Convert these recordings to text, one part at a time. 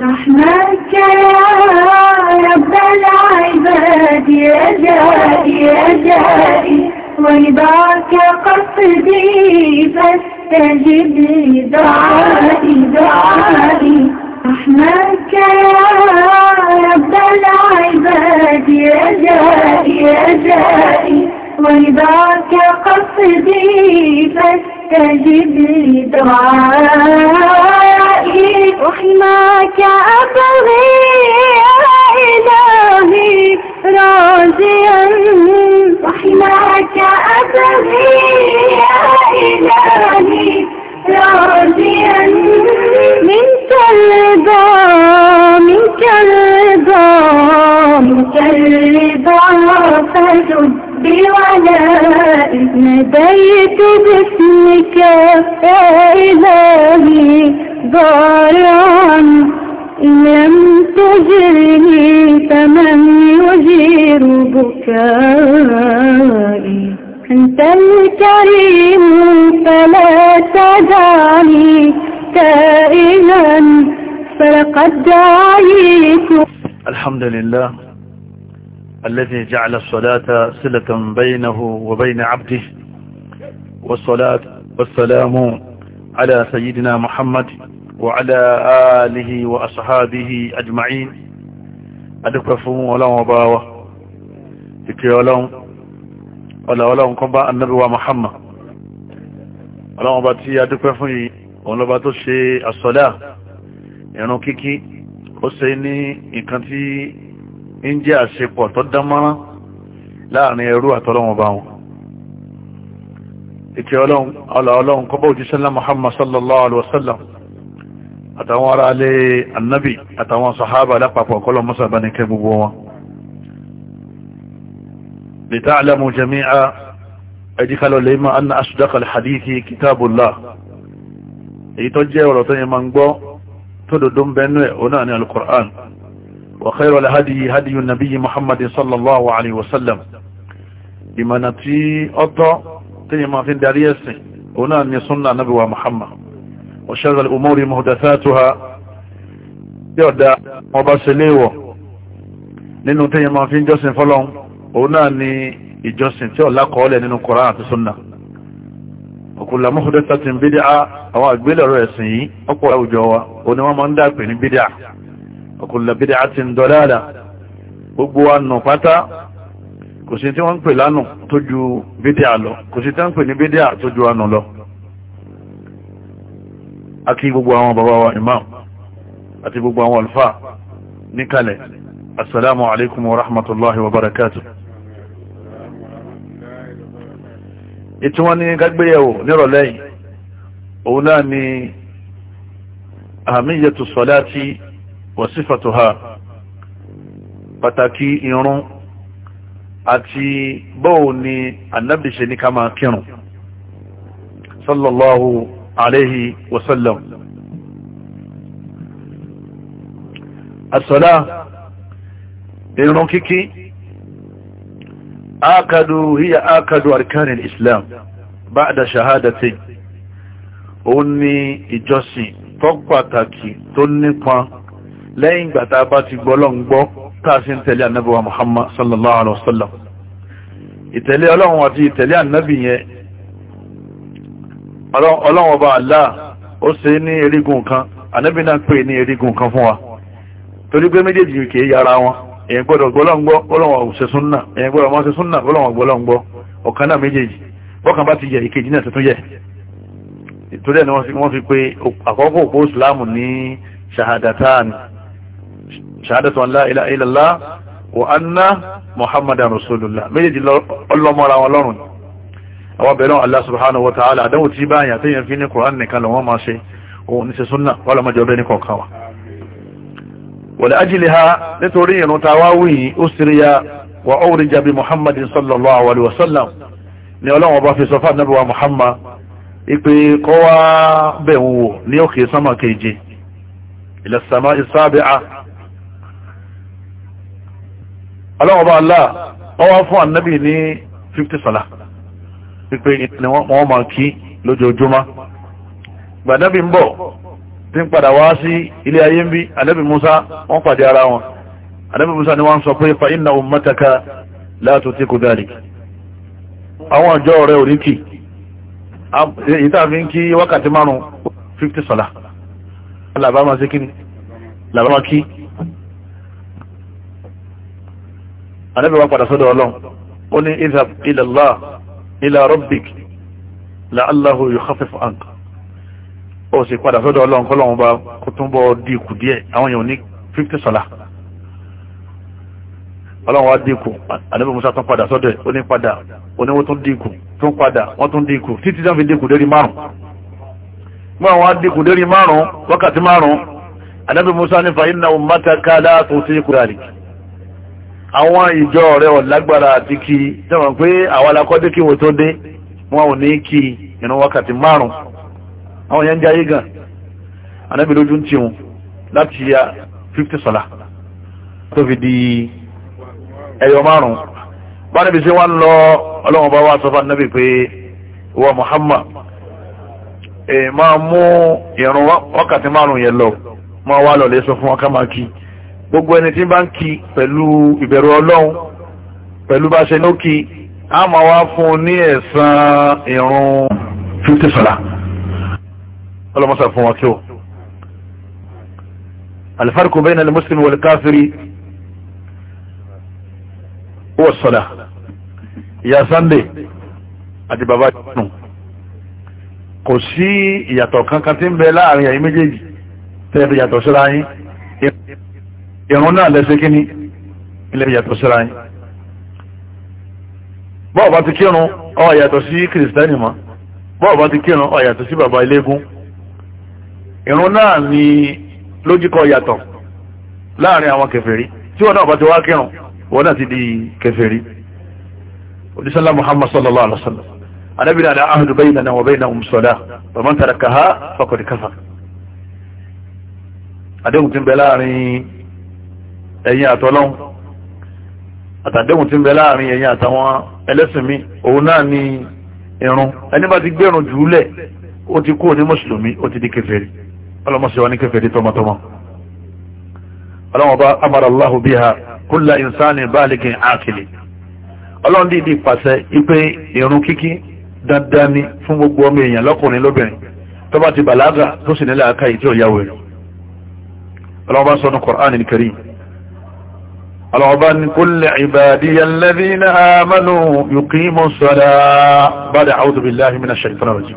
رحمتك يا رب العباد رجائي رجائي ورضاك قصدي فاستجب لي دعائي دعائي رحمتك يا رب العباد رجائي رجائي ورضاك قصدي فاستجب تجدني دعائي وحماك أبغي يا إلهي راضيا وحماك أبغي يا إلهي راضيا منك الرضا منك الرضا منك الرضا فلبي ولا ناديت باسمك يا إلهي ضارعا لم تجرني فمن يجير بكائي أنت الكريم فلا تدعني كائنا فلقد دعيت الحمد لله الذي جعل الصلاة صلة بينه وبين عبده والصلاة والسلام على سيدنا محمد وعلى آله وأصحابه أجمعين أدكفوا ولا وباوة إكي ولهم ولا ولهم قبع النبي ومحمد ولا وباتي أدكفوا ولا باتوشي الصلاة يعني كيكي ó ṣe ní nǹkan ń jẹ́ àṣepọ̀ tó dánmọ́rán láàrin ẹrú àtọ́lọ́wọ́n bá wọn ìkẹ́ ọlọ́run kọ́bá òjísẹ́lá Muhammad sallallahu alaihi wasallam àtàwọn ará alẹ́ annabi àtàwọn sahaba lápapọ̀ kọlọ mọ́sà bá ní kẹ gbogbo wọn lè tá àlẹ́mù jami'a ẹjíkálọ̀ lè máa anna asùdákàl hadithi kitabullah èyí tó jẹ́ ọ̀rọ̀ tó yẹ ma ń gbọ́ tó dòdó ń bẹ́nu ẹ̀ onáà ní al-Qur'an وخير الهدي هدي النبي محمد صلى الله عليه وسلم ìmọ̀nà tí ọ̀tọ̀ tí yẹ máa fi darí ẹ̀sìn òun náà ni súnnà náà wa Muhammad wa sharral umuri muhdathatuha tí ọ̀dá ọba ṣeléwọ̀ nínú tí yẹ máa fi jọ́sìn fọ́lọ́n òun náà ni ìjọsìn tí ọ̀lá kọ́ọ́lẹ̀ nínú Kùránì àti súnnà wa kullu muhdathatin bídíà àwọn àgbélẹ̀rọ ẹ̀sìn yìí ọ̀pọ̀ àwùjọ wa òun ni wọ́n máa ń dàpè ní bídíà ọkùnlẹ̀ bídẹ̀ àti ń dọ̀láàdà gbogbo ànà pátá kò sí tí wọ́n ń pè lánà tó ju bídẹ̀ àlọ kò sí tí wọ́n ń pè ní bídẹ̀ tó ju ànà lọ àti gbogbo àwọn bàbá wa imam àti gbogbo àwọn alfa níkalẹ̀ assalamu alaikum wa rahmatullahi wa barakatuh ìtí wọ́n ní gágbéyàwó nírọ̀lẹ́yìn òun náà ni àmìyàtù sọ́lá wọ̀sífàtò ha pàtàkì irun àti bọ́ọ̀ ni annabi ṣe ní ká máa kírun sallallahu alaihi wasallam asọ́lá irun kíkí ákàdù hiya ákàdù arkanin islam ba'da shahadati òun ni ìjọsìn tó pàtàkì tó nípa lẹ́yìn ìgbà tá a bá ti gbọ́ lọ́n gbọ́ tá ń tẹ̀lé ànábì wa Muhammad sallallahu alaihi wa sallam ìtẹ̀lé ọlọ́run àti ìtẹ̀lé ànábì Allah ó ṣe ní erigun kan ànábì náà pè ní erigun kan fún wa torí pé méjèèjì kì í yára wọn èyàn gbọ́dọ̀ gbọ́lọ́ngbọ́ ọlọ́wọ̀n òṣè súnnà èyàn gbọ́dọ̀ mọ́ sí súnnà ọlọ́wọ̀n gbọ́lọ́ngbọ́ ọ̀kan náà méjèèjì ìtòrí ẹ̀ wọ́n fi pé àkọ́kọ́ òpó ìsìláàmù ní ṣahadatan ṣàdẹ́tọ̀ ńlá ilá ilẹ̀lá wa anna muhammadan rasulullah méjèèjì ọlọ́mọ́ra wọn lọ́rùn àwọn bẹ̀rẹ̀ allah subhanahu wa ta'ala àdánwò tí báyà tí yẹn fi ní kùrán nìkan lọ wọ́n máa ṣe òun ní ṣe súnnà wọ́lọ́mọ́jọ́ bẹ́ ní kọ̀ọ̀kan wọ̀lẹ̀ ajílẹ̀ ha nítorí ìrún ta wá wíyìn ó síríya wa ọ́rìjà bí muhammadin sallallahu alaihi wasallam aláwọ̀bá aláà wọ́n wá fún ànábì ní 50 sọ́lá pípé ni wọ́n máa kí lójoojúmọ́ gbàdábì ń bọ̀ tí ń padà wá sí ilé ayé ń bí ànábì Musa wọ́n pàdé ara wọn ànábì Musa ni wọ́n sọ pé fa inna ummataka la tutiku dhalik àwọn àjọ rẹ̀ oríkì ìtàfin kí wákàtí márùn-ún 50 sọ́lá làbá máa sí kí ànábì wa padà sọ́dọ̀ ọlọ́run ó ní idhab ila Allah ila rabbik la'allahu yukhaffif anka ó sì padà sọ́dọ̀ ọlọ́run kọ́lọ́run bá kó tún bọ́ dínkù díẹ̀ àwọn èèyàn ní fifty sọ̀la ọlọ́run wá dínkù ànábì Musa tún padà sọ́dọ̀ ó ní padà ó ní wọ́n tún dínkù tún padà wọ́n tún dínkù títí sáfi dínkù lérí márùn-ún mọ́ àwọn adínkù lérí márùn-ún wákàtí márùn-ún ànábì Musa ní fa inna ummataka la tutiqu dhalik àwọn ìjọ rẹ̀ ọ̀lágbára àti kí jẹ́wọ̀n pé àwọn alakọ́dé kí wọ́n tó dé wọn ò ní kí ìrun wákàtí márùn àwọn yẹn ń jayé gan anábì lójú ń tiwọn láti ya 50 sọ́lá tó fi di ẹyọ márùn bá níbi sí wọ́n lọ ọlọ́wọ́n bá wá sọ fún anábì pé wọ́n Muhammad máa mú ìrun wákàtí márùn yẹn lọ máa wá lọ lè fún wọn máa kí gbogbo ẹni tí bá ń kí pẹ̀lú ìbẹ̀rù ọlọ́run pẹ̀lú bá ṣe ló kí a máa wá fún un ní ẹ̀san ìrun fifty sọ̀la ọlọ́mọṣà fún wọn kí o. alifarikun bẹ́ẹ̀ ni muslim wọlé káfírí wọ́n sọ̀la ìyá sunday àti bàbá jùlọ kò sí ìyàtọ̀ kankan tí ń bẹ láàrin ẹ̀yin méjèèjì tẹ́ẹ̀fì yàtọ̀ síra yín ìrún náà lẹ́sẹ̀ kí ní ilẹ̀ yàtọ̀ síra yìí bọ́ọ̀ bá ti kírun ó yàtọ̀ sí kìrìsìtẹ́nì mọ́ bọ́ọ̀ ti kírun ó sí bàbá ilégún ìrún náà ni lójíkọ yàtọ̀ láàrin àwọn kèfèrí tí wọ́n náà bá ti wá kírun wọ́n náà ti di kèfèrí odisala muhammad sallallahu alaihi wasallam anabi na da ahdu na wa bainahum salah wa man tarakaha faqad kafara adéhùn ti ń bẹ ẹ̀yin àtọ́lọ́hún àtàdéhùn tí ń bẹ láàrin ẹ̀yin àtàwọn ẹlẹ́sìn mi òun náà ni irun ẹni bá ti gbẹ̀rùn jùúlẹ̀ ó ti kúrò ní mùsùlùmí ó ti di ní tọmọtọmọ ọlọ́mọba biha ọlọ́run pàṣẹ ipe irun kíkí dandan ni fún gbogbo ọmọ èèyàn lọ́kùnrin lóbìnrin tó bá ti bàlágà tó sì nílẹ̀ àkáyì tí ó yàwó rẹ̀ ọlọ́mọba sọ́nù ọlọ́ọ̀bá ní kó lè ìbàdíyà lẹ́bí ní àmàlù yùkímù sọ́dá bá dá àwọ́tò bí láàrín mìíràn ṣàìtàn rọ̀jì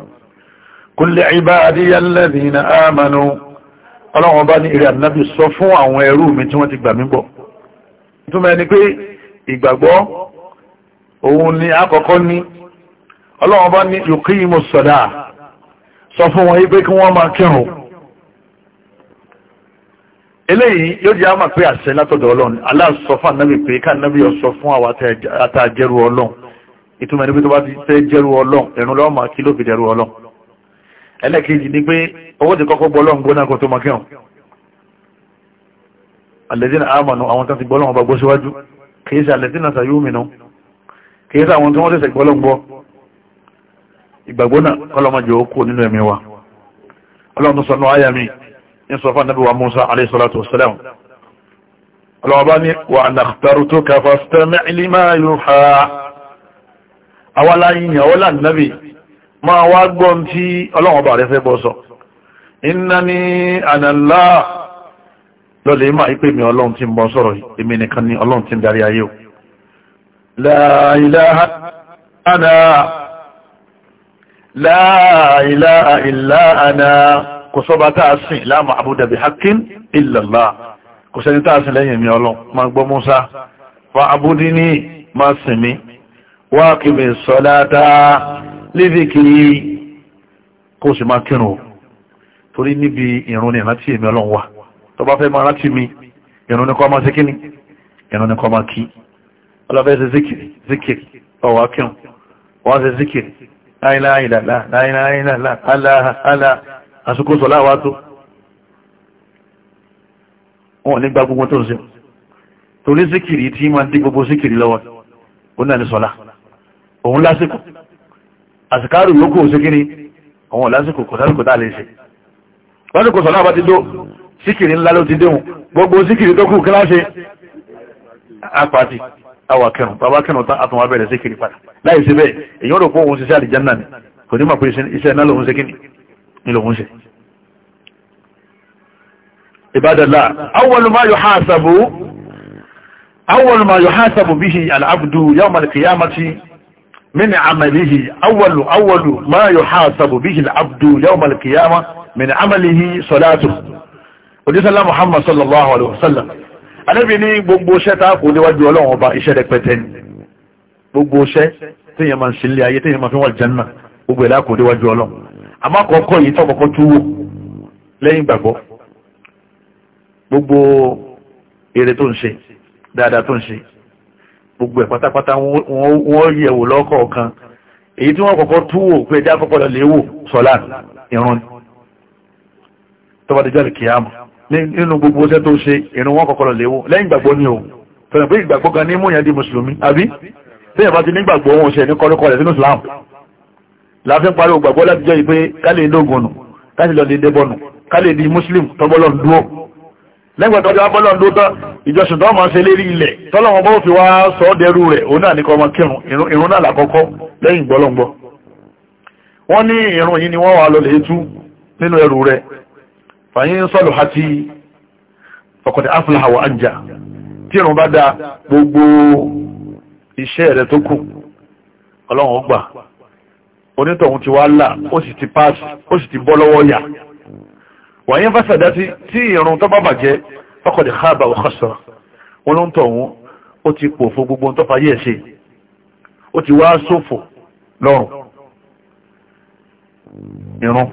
kó lè ìbàdíyà lẹ́bí ní àmàlù ọlọ́ọ̀bá ní ìrìn ànábì sọ fún àwọn ẹrú mi tí wọ́n ti gbà mí eléyìí yóò jẹ́ àmà pé àṣẹ látọ̀dọ̀ ọlọ́run aláàsọ fún ànábì pé ká ànábì ọsọ fún àwọn àtàjẹrù ọlọ́run ìtumọ̀ ní pé tó bá ti fẹ́ jẹrù ọlọ́run ẹ̀rùn lọ́wọ́ máa kí ló fi jẹrù ọlọ́run ẹlẹ́kejì ni pé owó ti kọ́kọ́ gbọ́lọ́run gbóná kan tó mọ kẹ́hùn àlẹ́dínà àmànù àwọn tó ti gbọ́lọ́run bá gbọ́ síwájú kìí ṣe àlẹ́dínà ń sọ fún anábíwá Musa alayhi salatu wassalam ọlọ́ọ̀bá ní wa ana ikhtartuka fastami' lima yuha àwọn aláyìnyàn ọlá nàbì máa wá gbọ́n tí ọlọ́ọ̀bá rẹ̀ fẹ́ bọ́ sọ innani ana Allah lọ́lẹ̀ máa ipé mi ọlọ́run tí ń bọ́ sọ̀rọ̀ èmi nìkan kò sọba táà sìn la ma'buda bi haqqin illa Allah kò sẹ́ni táà sìn lẹ́yìn mi ọlọ́ ma gbọ́ Musa wa abudini ma sìn mi wa kìbì sọ́dáta lidhikri kò sì máa kírun torí níbi ìrún ní ìrántí èmi ọlọ́run wà tó bá fẹ́ máa rántí mi ìrún ní kọ́ máa síkí ìrún ní kọ́ máa kí ọlọ́fẹ́ sí zikiri zikiri ọwà kírun wọ́n sí zikiri láìláìlàlá àsìkò sọ̀lá wa tó wọn ní gba gbogbo tó ń ṣe torí síkìrì tí máa dí gbogbo síkìrì lọ́wọ́ ó náà ní sọ̀lá òun lásìkò àsìkárù yókù ó síkìrì òun lásìkò kò sásìkò a lè ṣe lásìkò sọ̀lá bá ti dó síkìrì ńlá ló ti déhùn gbogbo síkìrì tó kù kí láṣe nílò wọ́n ṣe ìbádàlá awwal ma yuhasabu awwal ma yuhasabu bihi al-abdu yawm al-qiyamati min amalihi awwal awwal ma yuhasabu bihi al-abdu yawm al-qiyamah min amalihi salatu odisala muhammad sallallahu alaihi wasallam anabi ni gbogbo iṣẹ́ ta kò níwájú Ọlọ́run ọba iṣẹ́ rẹpẹtẹ ni gbogbo iṣẹ́ téèyàn máa ń ṣe ayé téèyàn máa fi wà janna gbogbo ìlà kò níwájú Ọlọ́run àmọ́ àkọ́kọ́ yìí tó kọ́kọ́ tó wò lẹ́yìn ìgbàgbọ́ gbogbo èrè tó ń ṣe dáadáa tó ń ṣe gbogbo ẹ̀ pátápátá wọ́n yẹ̀ wò lọ́kọ̀ọ̀kan èyí tí wọ́n kọ́kọ́ tó wò pé ẹjá kọ́kọ́ lọ lè wò sọ́lá ìrun tọ́bàdé jọ́lì kìyàmù nínú gbogbo ọṣẹ́ tó ṣe ìrun wọ́n kọ́kọ́ lọ lè wò lẹ́yìn ìgbàgbọ́ ni o fẹ̀rẹ̀ di mùsùlùmí láàfin parí ògbàgbọ́ láti jẹ́ ìpé kálẹ̀ ìlógún nù káti lọ dédé bọ́nù kálẹ̀ di muslim tọ́bọ́lọ́n dúó lẹ́gbẹ̀ẹ́ tọ́jọ́ bọ́lọ́n dúó tán ìjọsìn tó máa ṣe lérí ilẹ̀ tọ́lọ́wọ́n bọ́ fi wá sọ ọ́ dẹrú rẹ̀ òun náà ní kọmọ kírun ìrun náà lákọ́kọ́ lẹ́yìn gbọ́lọ́ngbọ́ wọ́n ní ìrun yìí ni wọ́n wà lọlẹ̀ tú nínú ẹrù ọlọ́run ó onítọ̀hún ti wá là ó sì ti páàsì ó sì ti bọ́ lọ́wọ́ yà wàyí fásitì àti tí ìrun tó bá bàjẹ́ faqad khaba wa khasara wọn ló ń tọ̀hún ó ti pò fún gbogbo tó fayé ẹ̀ ṣe ó ti wá sófò lọ́rùn ìrun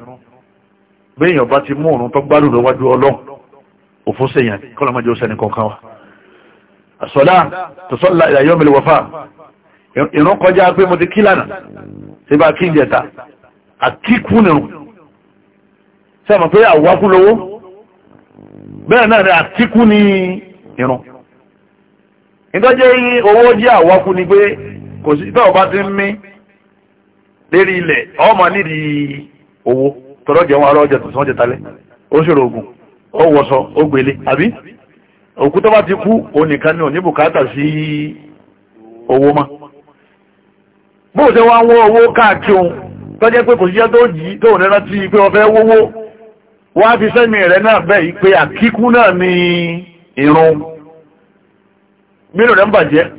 béèyàn bá ti mú òrùn tó gbádùn lọ́wájú ọlọ́run òfó sèyàn kọ́lọ́mọdé ó síbá kí ń jẹta àkíkú nìrùn sẹ́mọ̀ pé àwákú lówó bẹ́ẹ̀ náà ni àkíkú ní ìrùn ìtọ́jẹ́ owó jẹ́ àwákú ni pé kò sí tọ́ ọba ti ń mí lérí ilẹ̀ ọmọ nídìí owó tọ́rọ jẹun arọ́ ọjọ́ tó sán jẹ ó ṣòro ogun ó wọṣọ ó gbélé àbí òkú tó bá ti kú òun nìkan ní òní bùkátà sí owó máa bóòsẹ́ wá wọ́n owó káàkiri ohun tó jẹ́ pé kò síjẹ́ tó jí tó rẹ̀ rántí pé ọ̀fẹ́ wówó wá fi rẹ̀ náà bẹ́ àkíkú náà ní rẹ̀ ń bàjẹ́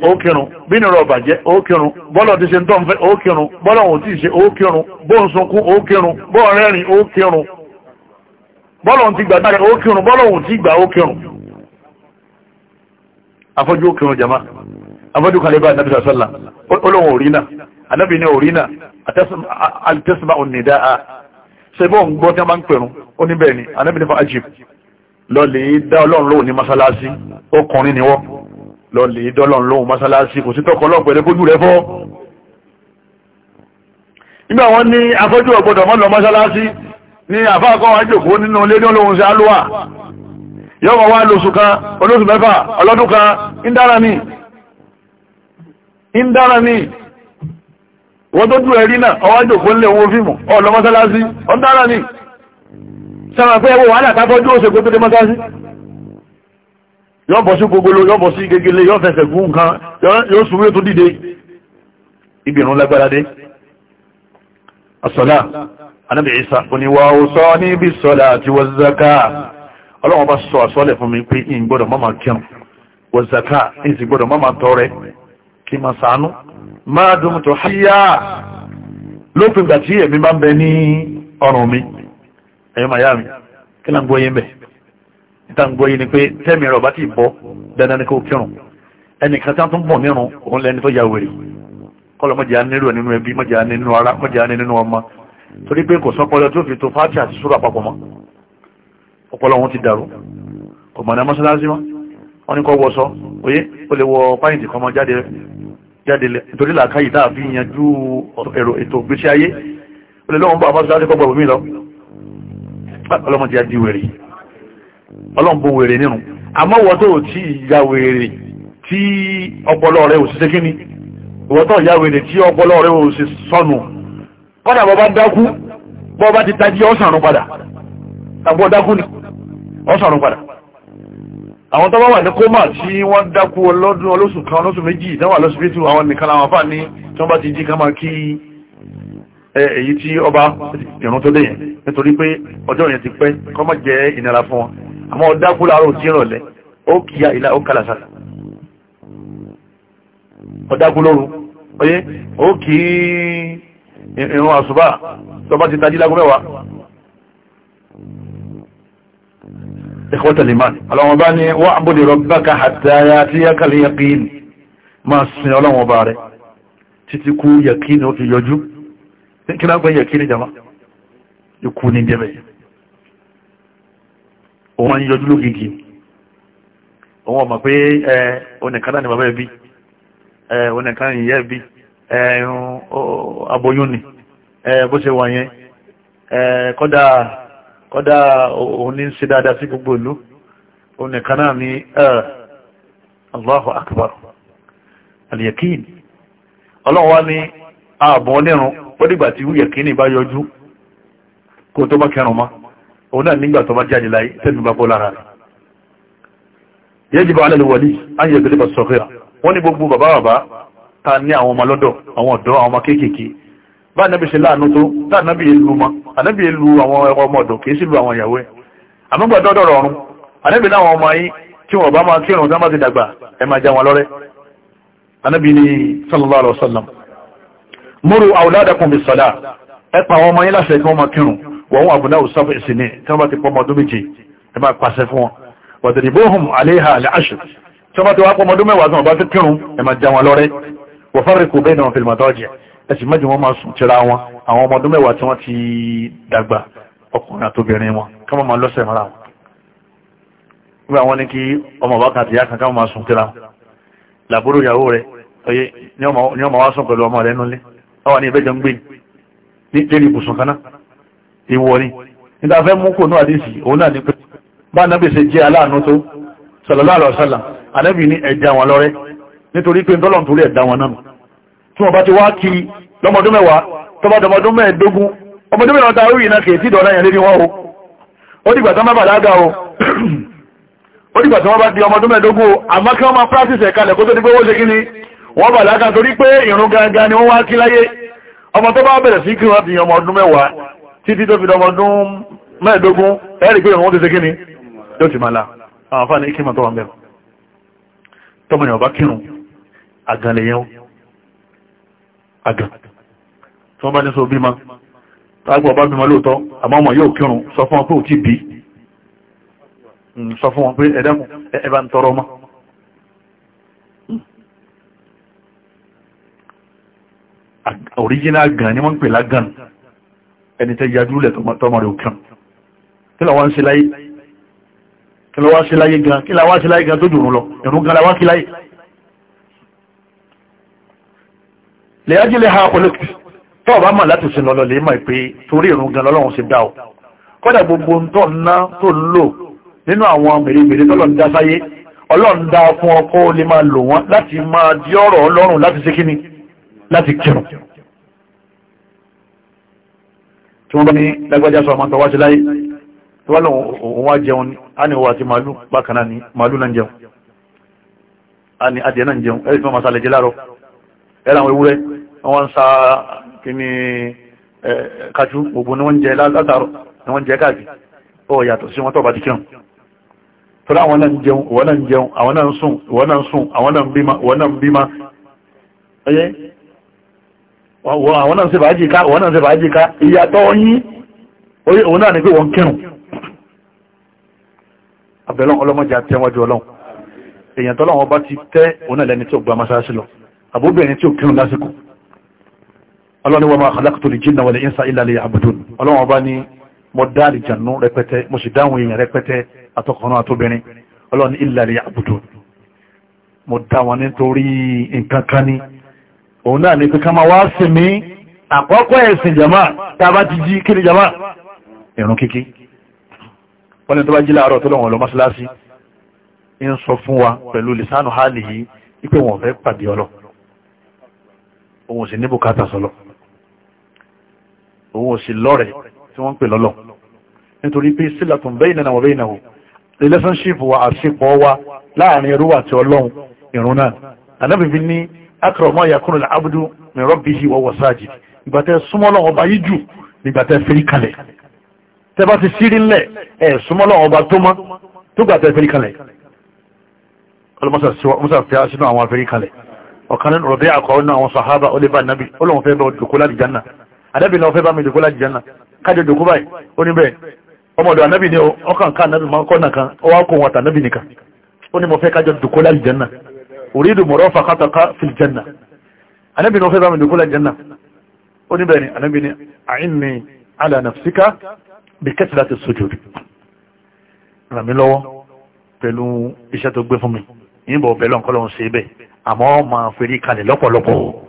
rẹ̀ bàjẹ́ bọ́lọ̀ ti ṣe ń tọ́nfẹ́ bọ́lọ̀ ò tí ṣe bóòn sunkún bóòn rẹ́rìn bọ́lọ̀ ti gbà dáre bọ́lọ̀ ò gbà afọ́jú jama afọ́jú sọ́là olóhùn náà anábì ní orí náà àtẹ́sìmá ònìdá a ṣe bọ́ ń gbọ́ tí wọ́n bá ń pẹ̀rún ó ní bẹ́ẹ̀ ni anábì ní fa ajib lọ lè dá ọlọ́run lóhùn ní masalasi ọkùnrin ni wọ́n lọ lè dá ọlọ́run lóhùn masalasi kò sí tọkọ ọlọ́run pẹ̀lú kójú rẹ fọ́ nígbà wọn ní afọ́jú ọ̀gbọ́dọ̀ mọ́ masalasi ní àfáàkọ́ wọn jòkó nínú ilé ní olóhun sí alúwà yọ́wọ́ wá lóṣù kan olóṣù wọ́n tó dúró ẹ̀rí náà ọwọ́ ìjòkó lè wo fíìmù ọ̀lọ mọ́sálásí ọ̀dára ni sára pé ẹwọ́ wàhálà káfọ́jú òṣè kó tó dé mọ́sálásí yọ́ bọ̀ sí gogolo yọ́ bọ̀ sí gegele yọ́ fẹsẹ̀ gún nǹkan yóò súnwé tó dìde ibìrún lágbára dé asọ́lá anábì isa oníwà òsọ́ ní ibi sọ́lá àti wọ́zaka ọlọ́wọ́n bá sọ àsọ́lẹ̀ fún mi pé ìgbọ́dọ̀ mọ́mà kírun wọ́zaka ìsìgbọ́dọ̀ mọ́mà tọrẹ kí ma sànú máa dùn tó háyà lópin ìgbà tí èmi bá ń bẹ ní ọrùn mi ẹ̀yọ́ miami kí náà ń gbọ́yé mẹ́ níta ń gbọ́yé ni pé tẹ́mi rọ̀ bá ti bọ́ dandan ní kó kírun ẹnìkan tí wọ́n tún bọ̀ nírun òun lẹ́ni tó ya wèrè kọ́lọ̀ mọ́jà nílò ẹ̀ nínú ẹbí mọ́jà nínú ara mọ́jà nínú ọmọ torí pé kò sọ́pọ̀lọ tó fi tó fáti àti súrà papọ̀ mọ́ ọpọlọ wọn ti dàrú kò mọ̀ ní mọ́sálásí mọ́ wọ́n ní kọ́ wọ́ sọ oyé ó lè wọ páyìntì kan mọ́ jáde jáde nítorí làákàyè tá a fi yanjú èrò ètò ìgbésí ayé ó lè lọ́wọ́n bá àbáṣọ láti kọ́gbọ̀n mi lọ ọlọ́mọdé á di wèrè ọlọ́mọbó wèrè nínú àmọ́ wọ́n tó tí ya wèrè tí ọpọlọ rẹ̀ ò sí sékíní wọ́n tó ya wèrè tí ọpọlọ rẹ̀ ò sí sọnù kọ́dà bọ́ bá dákú bọ́ bá ti tají ọ̀sànrún padà padà àwọn tó bá wà ní kómà tí wọ́n dákú ọlọ́dún olóṣù kan olóṣù méjì ìdánwà lọ́sibítù àwọn nìkan láwọn afá ní tí wọ́n bá ti jí ká máa kí èyí tí ọba ìrún tó déyẹn nítorí pé ọjọ́ yẹn ti pẹ́ kọ́ mọ́ jẹ́ ìnira fún wọn àmọ́ ó dákú láàárọ̀ tí rọ̀lẹ́ ó kíyà ìlà ó kàlàsà ó dákú lóru oyé ó kí ìrún àsùbá tó bá ti tají lágún ikhwata liman ọlọ́wọ́n bá ní wọ́n àbúdì rabbaka hatta ya'tiyaka al-yaqin máa sin ọlọ́wọ́n bá rẹ̀ títí kú yaqin ó fi yọjú kí náà gbé yaqin jama ikú ní dẹ́bẹ̀ o máa ń yọjú lógigi òun kọ́dá òun ní ṣe dáadáa sí gbogbo ìlú òun nìkan náà ní ẹ̀ Allahu akbar al-yakin ọlọ́wọ́ ní ààbọ̀ onírun ó dìgbà tí wú yẹ̀kín bá yọjú kó tó bá kẹrùn ma òun náà nígbà tó bá jáde láyé tẹ́lú bá bó lára rẹ̀ yajibu ala al-wali an yaghliba as wọ́n ní gbogbo bàbá bàbá ta ní àwọn ọmọ lọ́dọ̀ àwọn ọ̀dọ́ àwọn ọmọ kéékèèké bá ànábì ṣe láàánú tó tá ànábì yìí lu mọ ànábì yìí lu àwọn ẹ̀kọ́ ọmọ ọ̀dọ̀ kìí sì lu àwọn ìyàwó ẹ̀ àmúgbàdọ́ dọ̀rọ̀ ọ̀run ànábì láwọn ọmọ yín tí wọn bá máa kírun tí wọn bá ti dàgbà ẹ máa já wọn lọ́rẹ́ ànábì ní sallallahu alaihi wasallam múru awladakum bis salah ẹ pa àwọn ọmọ yín láṣẹ kí wọ́n máa kírun wọ́n wọn àbúdá òsáfẹ́ ìsinmi tí wọ́n bá ti pọ́ ọmọ ọdún méje ẹ máa pàṣẹ fún wọn wàtàdìbóhùn àléhà àlẹ́àṣù ẹ̀sìn mẹ́jọ wọn máa sùn tira wọn àwọn ọmọ ọdún mẹ́wàá tí wọ́n ti dàgbà ọkùnrin àtobìnrin wọn kí wọ́n máa lọ́sẹ̀ mọ́ra wọn nígbà wọn ní kí ọmọ ọba kan àtìyá kan káwọn ni ọmọ wa sùn pẹ̀lú ọmọ rẹ nulẹ̀ ọwọ́ ni ìbẹ́jọ ń gbé ní lérí ibùsùn kaná ìwọ ni nígbà fẹ́ mú kò ní àdísì òun náà ní bá náà jẹ́ aláàánú tó sallallahu alaihi wasallam ní ẹ̀jẹ̀ àwọn lọ́rẹ́ nítorí pé ńtọ́lọ̀ torí ẹ̀dá wọn náà tí wọ́n bá ti wá kí lọ́mọdún mẹ́wàá tọ́bọ̀dọ̀mọdún mẹ́ẹ̀dógún ọmọdún mẹ́wàá ta orí ìnákè tí ìdọ̀nà yẹn lérí wọn o ó dìgbà tán bá bàlágà o ó dìgbà tán bá di ọmọdún mẹ́ẹ̀dógún o àmọ́ kí wọ́n máa practice ẹ̀ kalẹ̀ kó tó di pé wọ́n ṣe kí ni wọ́n bàlágà torí pé ìrun gangan ni wọ́n wá kí láyé ọmọ tó ikima tó wà mẹ́rin tọ́mọ ni ọba kírun tí wọ́n bá ní so bímọ tágbọ̀ bá bímọ lóòtọ́ àmọ́ ọmọ yóò kírun sọ fún wọn pé ò tí bí hmm, sọ fún wọn pé ẹ̀dẹ́kùn ẹ̀bá ń tọrọ ọmọ hmm. original gan ni wọ́n ń pè lágan ẹni tẹ́ yájú lẹ̀ tọmọ rẹ̀ òkàn kí lọ wá ń ṣe láyé kí lọ wá ṣe láyé gan kí lọ wá ṣe láyé gan tó dùn lọ ẹ̀rùn gan la wá kí láyé tó ọba mọ̀ láti sinú ọlọ́lẹ̀ mọ̀ pé torí ìrun gan lọ́lọ́run ṣe dá ọ kọ́dà gbogbo tó ń ná tó ń lò nínú àwọn mèremère tọ́lọ́run dá sáyé ọlọ́run dá fún ọkọ lè máa lò wọ́n láti máa di ọ̀rọ̀ ọlọ́run láti ṣe kíni láti kírun tí wọ́n bá ní lágbájá sọ ọmọ tó wá sí láyé wọ́n sa kíní kájú gbogbo ni wọ́n jẹ látàrọ̀ ni wọ́n jẹ káàkiri ó yàtọ̀ sí wọn tó bá ti kírun tó láwọn náà ń jẹun ìwọ́n náà ń jẹun àwọn náà ń sùn ìwọ́n náà ń sùn àwọn náà ń bímá ìwọ́n náà ń bímá ẹyẹ àwọn náà ń ṣe bàájì ká ìwọ́n náà ń ṣe bàájì ká ìyàtọ̀ yín òun náà ni pé wọ́n kírun àbẹ̀lọ́n ọlọ́mọdé ọlọ́ni wa ma khalaqtu al-jinna wal-insa illa liya'budun ọlọ́wọ́n bá ní mo dá àlìjànú rẹpẹtẹ mo sì dáhùn èèyàn rẹpẹtẹ àtọkùnrin àtobìnrin ọlọ́ni illa liya'budun mo dá wọn nítorí nǹkan kan ní òun náà ní pé ká máa wá sí mi àkọ́kọ́ ẹ̀sìn jama tá a bá ti jí kí ni jama ìrun kíkí wọ́n ní tó bá jí láàárọ̀ tó lọ́wọ́n lọ mọ́ṣáláṣí ń sọ fún wa pẹ̀lú lisanu hali yìí wípé wọn fẹ́ pàdé ọlọ́ òun sì ní bùkátà sọlọ́ òun òsì lọ́rẹ̀ tí wọ́n ń pè lọ́lọ́ nítorí pé sílàtún baynana wa baynahu relationship wa àṣepọ̀ wa láàrin ẹrú àti ọlọ́run ìrún náà anábìbí ní akrama yakunu al-abdu min rabbihi wa huwa sajid ìgbàtẹ́ súnmọ́lọ́ ọba yìí jù nígbàtẹ́ fẹ́rí kalẹ̀ tẹ́ bá ti sírí ńlẹ̀ ẹ̀ súnmọ́lọ́ ọba tó mọ́ tó gbàtẹ́ fẹ́rí kalẹ̀ ọlọ́mọsà fi aṣínú àwọn afẹ́rí kalẹ̀ ọ̀kan nínú Rabi'a àkọ́ nínú àwọn sàhábà ó lè bá nàbì ó lóun fẹ́ bá òdòkó láti jannah àdẹ́bìnà ọ̀fẹ́ bá mi jòkó láti jẹ́nà kájọ jòkó báyìí ó ní bẹ́ẹ̀ ọmọdọ̀ ànábì ní ọkàn ká ànábì máa kọ́nà kan ọwá kò wọn tànábì nìkan ó ní mo fẹ́ kájọ jòkó láti jẹ́nà orídù mọ̀rọ̀ fàkátàká fi jẹ́nà ànábì ní ọfẹ́ bá mi jòkó láti jẹ́nà ó ní bẹ́ẹ̀ ni ànábì ní àìní ala nafsika bí kẹ́tìlá ti sujud ràn mí lọ́wọ́ pẹ̀lú iṣẹ́ tó gbé fún mi yìnbọn ọ̀bẹ̀ lọ́nkọ́ lọ́hún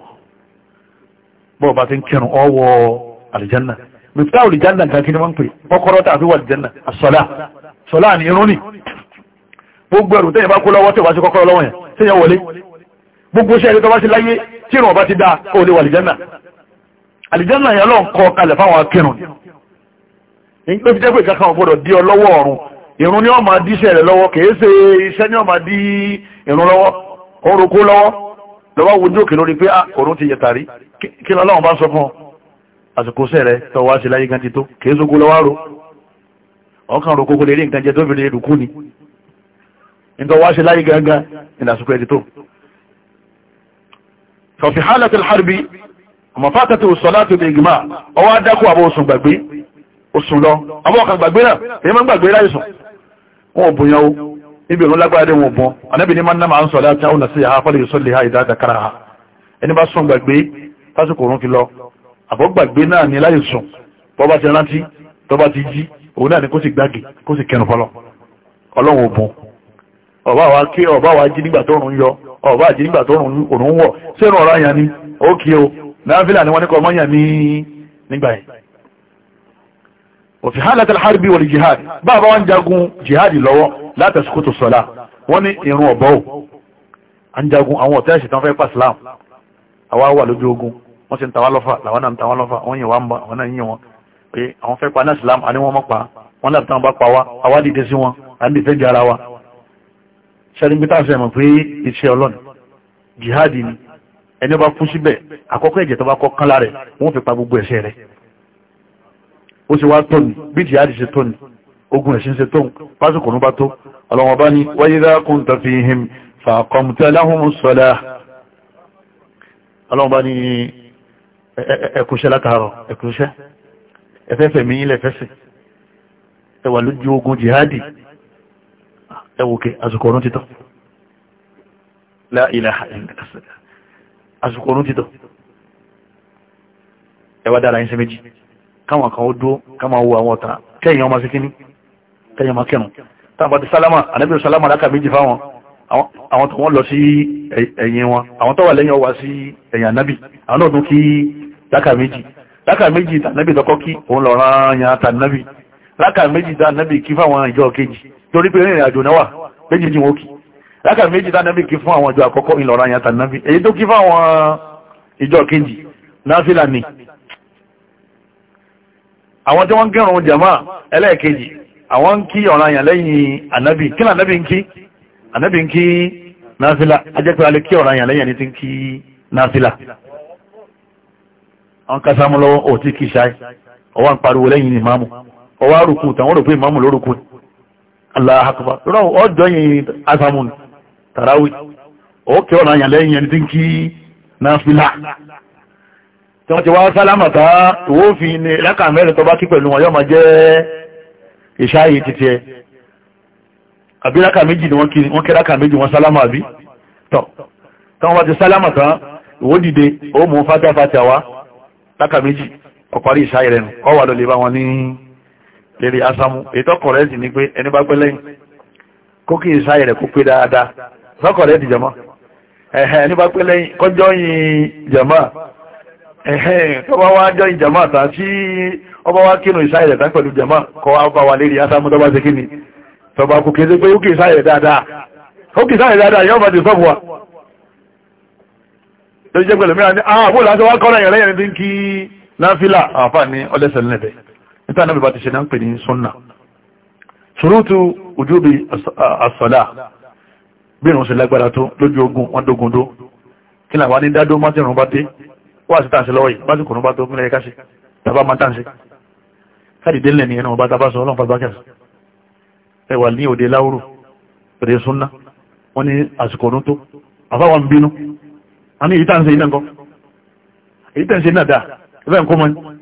bọ́ọ̀ bá ti ń kírun ọwọ́ àlìjánà mìfítà àlìjánà gan kí ni wọ́n ń pè kọ́kọ́rọ́ tàbí wà àlìjánà àsọ̀lá sọ̀lá ni irun ni gbogbo ẹrù tẹ́yìn bá kó lọ́wọ́ tẹ́wàá sí kọ́kọ́rọ́ lọ́wọ́ yẹn tẹ́yìn wọlé gbogbo iṣẹ́ ìrítọ́ bá sí láyé tí ìrùn ọba ti dá ó lè wà àlìjánà àlìjánà yẹn lọ kọ kalẹ̀ fáwọn akẹrùn lọ́wọ́ wojú òkè lórí pé òun ah, ti yẹ̀tàrí kí lọ́lọ́wọ́n bá sọ fún àsìkò sẹ́ rẹ tọwọ́ sí láyé gan ti tó kìí sókó lọ́wọ́ ro ọkàn ro kókó lè rí nǹkan jẹ tó fi lè rùkú ni nítọwọ́ sí láyé gangan ìdásùkò ẹ̀dì tó tọ̀fì hálàtì ibi ìrún lágbára dé wọn bọ́ anábì ní mánà máa ń sọ̀lá tí àwọn sí ha fọ́lẹ̀ ìsọ́lẹ̀ ha ìdájà ha ẹni bá sùn gbàgbé tásìkò òun fi lọ àbọ̀ gbàgbé náà ni láì sùn tó ti rántí tó ti jí òun náà ni ọba wa ọba wa jí nígbà tó rùn yọ ọba jí nígbà tó rùn wọ̀ sẹ́nu ọ̀rọ̀ àyàn ni o náà fílà ni wọ́n ní kọ́ ọmọ yàn ní òfi hálàtà harbi wal jihad bá bá wọ́n jagun jihad lọ́wọ́ látàsíkò tó sọ́lá wọ́n ní irun ọ̀bọ̀ ò an jagun àwọn ọ̀tẹ́ ẹ̀sì tán fẹ́ pa islam àwa wà lójú ogun wọ́n sì ń tàwa lọ́fà làwọn náà ń tàwa lọ́fà wọ́n yìn wá ń bá wọn náà yìn wọn pé àwọn fẹ́ pa náà islam àní wọ́n mọ́ pa wọ́n láti tán bá pa wá àwa dìde sí wọn à ń dìfẹ́ jẹ ara wa sẹ́ni bí táwọn sẹ́mọ̀ pé iṣẹ́ ọlọ́ni jihad ni ẹni bá kú síbẹ̀ àkọ́kọ́ ẹ̀jẹ̀ tó bá kọ́ kán lára ẹ̀ wọ́n fi pa gbogbo ẹ̀ṣẹ̀ rẹ̀ ó sì wá tóni bí ti yáàdì ṣe tóni ogun ẹ̀ṣin ṣe tóun pásìkò ní bá tó ọlọ́wọ́n bá ní wa idha kunta fihim faqamta lahumus salah ọlọ́wọ́n bá ní ẹkùnṣẹ́ látàárọ̀ ẹkùnṣẹ́ ẹfẹ́fẹ́ mi ilẹ̀ fẹ́sẹ̀ la ilaha illallah àsìkò ọ̀run ẹwà dára yín sí méjì Kama kan ó dúó káwọn wo àwọn ọ̀tá kẹ́yìn ọmọ sí kíní kẹ́yìn ọmọ kẹrùn táwọn ti sálámà ànábì sálámà láka méjì fáwọn àwọn tó wọ́n lọ sí ẹ̀yìn wọn àwọn tó wà lẹ́yìn ọwà sí ẹ̀yìn ànábì àwọn náà tún kí láka méjì láka méjì tànábì tọkọ kí òun lọ rán yan tànábì láka méjì tànábì kí fáwọn ìjọ kejì torí pé ìrìn àjò náà wà méjì wọn kì láka méjì tànábì kí fún àwọn ìjọ àkọ́kọ́ ìlọ̀ràn yan tànábì èyí tó kí fáwọn ìjọ kejì náfìlà ni àwọn tí wọ́n ń kírun jama ẹlẹ́ẹ̀kejì àwọn ń kí ọ̀rọ̀ àyàn lẹ́yìn ànábì kí ni ànábì ń kí ànábì ń kí náfìlà ajẹ́pẹ́ alẹ́ kí ọ̀rọ̀ àyàn lẹ́yìn ẹni tí ń kí náfìlà àwọn kásámú lọ́wọ́ ò tí kì í ṣáì ọwọ́ ń pariwo lẹ́yìn ìmáàmù ọwọ́ àrùkù tàwọn rò pé ìmáàmù lórúkú Allahu Akbar rọ́wọ́ ọjọ́ tí wọ́n ti wá sálámà tá ìwó fi ní lákà mẹ́rin tó bá kí pẹ̀lú wọn yóò máa jẹ́ ìṣáyè títí ẹ àbí lákà méjì ni wọ́n kí lákà méjì wọ́n sálámà àbí tọ́ tí wọ́n bá ti sálámà tá ìwó dìde ó mú fátá fátá wá lákà méjì ọ̀parí ìṣáyè tọba wá jọ ìjàmá tàà sí ọba wá kínú ìsáyẹ̀ tàà pẹ̀lú jàmá kọ wá bá wà lérí asámú tọba sí kíni tọba kò kéde pé ókè ìsáyẹ̀ dáadáa ókè ìsáyẹ̀ dáadáa yọ́ bàtí sọ́bù wa tó jẹ́ pẹ̀lú mìíràn ní àbúrò láti wá kọ́nà ìrẹ́yẹ̀ ní ti ń kí náfílà àfà ní ọlẹ́sẹ̀ lẹ́bẹ̀ níta náà bí bá ti ṣe náà ń pè ní sunna ṣùrùtù ojúbi àsọ̀lá bí ìrùn sí lágbára tó lójú ogun wọn dógundó kí làwọn ní dádó mátìrún bá dé wà sí tàǹsí lọ́wọ́ yìí básìkò ní bá tó mílẹ̀ káṣí tàbá máa tàǹsí káàdìdé lẹ̀ ní ẹnu ọba tàbá sọ ọlọ́run pàtàkì ẹ wà ní òde láwùrù òde súnná wọ́n ní àsìkò ọdún tó àfáwà bínú a ní èyí tàǹsí iná nǹkan èyí tàǹsí iná dáa ẹgbẹ́ nǹkan mọ́